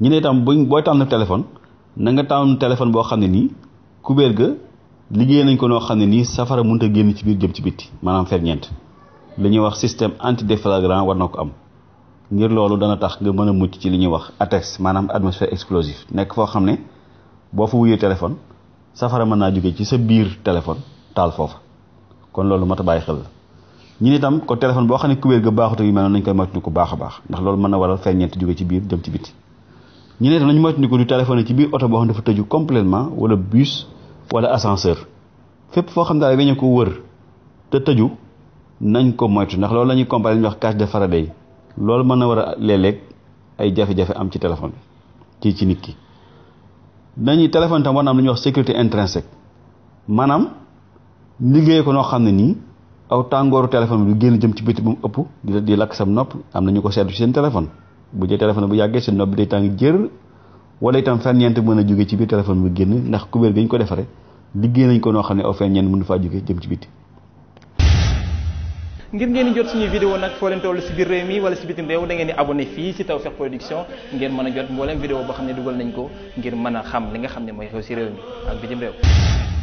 ñu ne itam buñ booy tànn téléphone na nga tànn téléphone boo xam ne nii kubéer ga liggéey nañ ko noo xam ne nii safara mënut génn ci biir jëm ci bitti maanaam ferñeent li ñuy wax système anti déflagrant war na ko am ngir loolu dana tax nga mën a mucc ci li ñuy wax ATEX maanaam atmosphère explosive nekk foo xam ne boo fa wuyee téléphone safara mën naa jóge ci sa biir téléphone taal foofa kon loolu mat a bàyyi xel la ñu ne itam ko téléphone boo xam ne kubéer ga baaxut ak mel nañ koy moytu ko baax a baax ndax loolu mën na waral ferñeent jóge ci biir jëm ci bitti ñu ne tam nañu moytandiku di téléphoné ci biir oto boo xam dafa tëju complètement wala bus wala assenceur fépp foo xam ne daal weñu ko wër te tëju nañ ko moytu ndax loolu la ñuy comparé li ñuy wax cage de Faraday loolu mën na war a léeg ay jafe-jafe am ci téléphone ci ci nit ki dañuy téléphone tam war na lu ñuy wax sécurité intrinsèque maanaam liggéey ko noo xam ne nii aw tàngooru téléphone bi du génn jëm ci biti bu mu ëpp di di lakk sam nopp am na ko seetlu ci téléphone bu dee téléphone bu yàggee seen nopp bi day tàng jër wala itam ferñeent mën a jóge ci biir téléphone bu génn ndax kubéer gañ ko defaree liggéey nañ ko noo xam ne aw ferñeent mënu faa jóge jëm ci biti ngir ngeen di jot suñuy vidéo nag foo leen toll si biir réew mi wala si bitim réew da ngeen di abonné fii si Tawfekh Production ngeen mën a jot mbooleem vidéo boo xam ne dugal nañ ko ngir mën a xam li nga xam ne mooy xew si réew mi ak bitim réew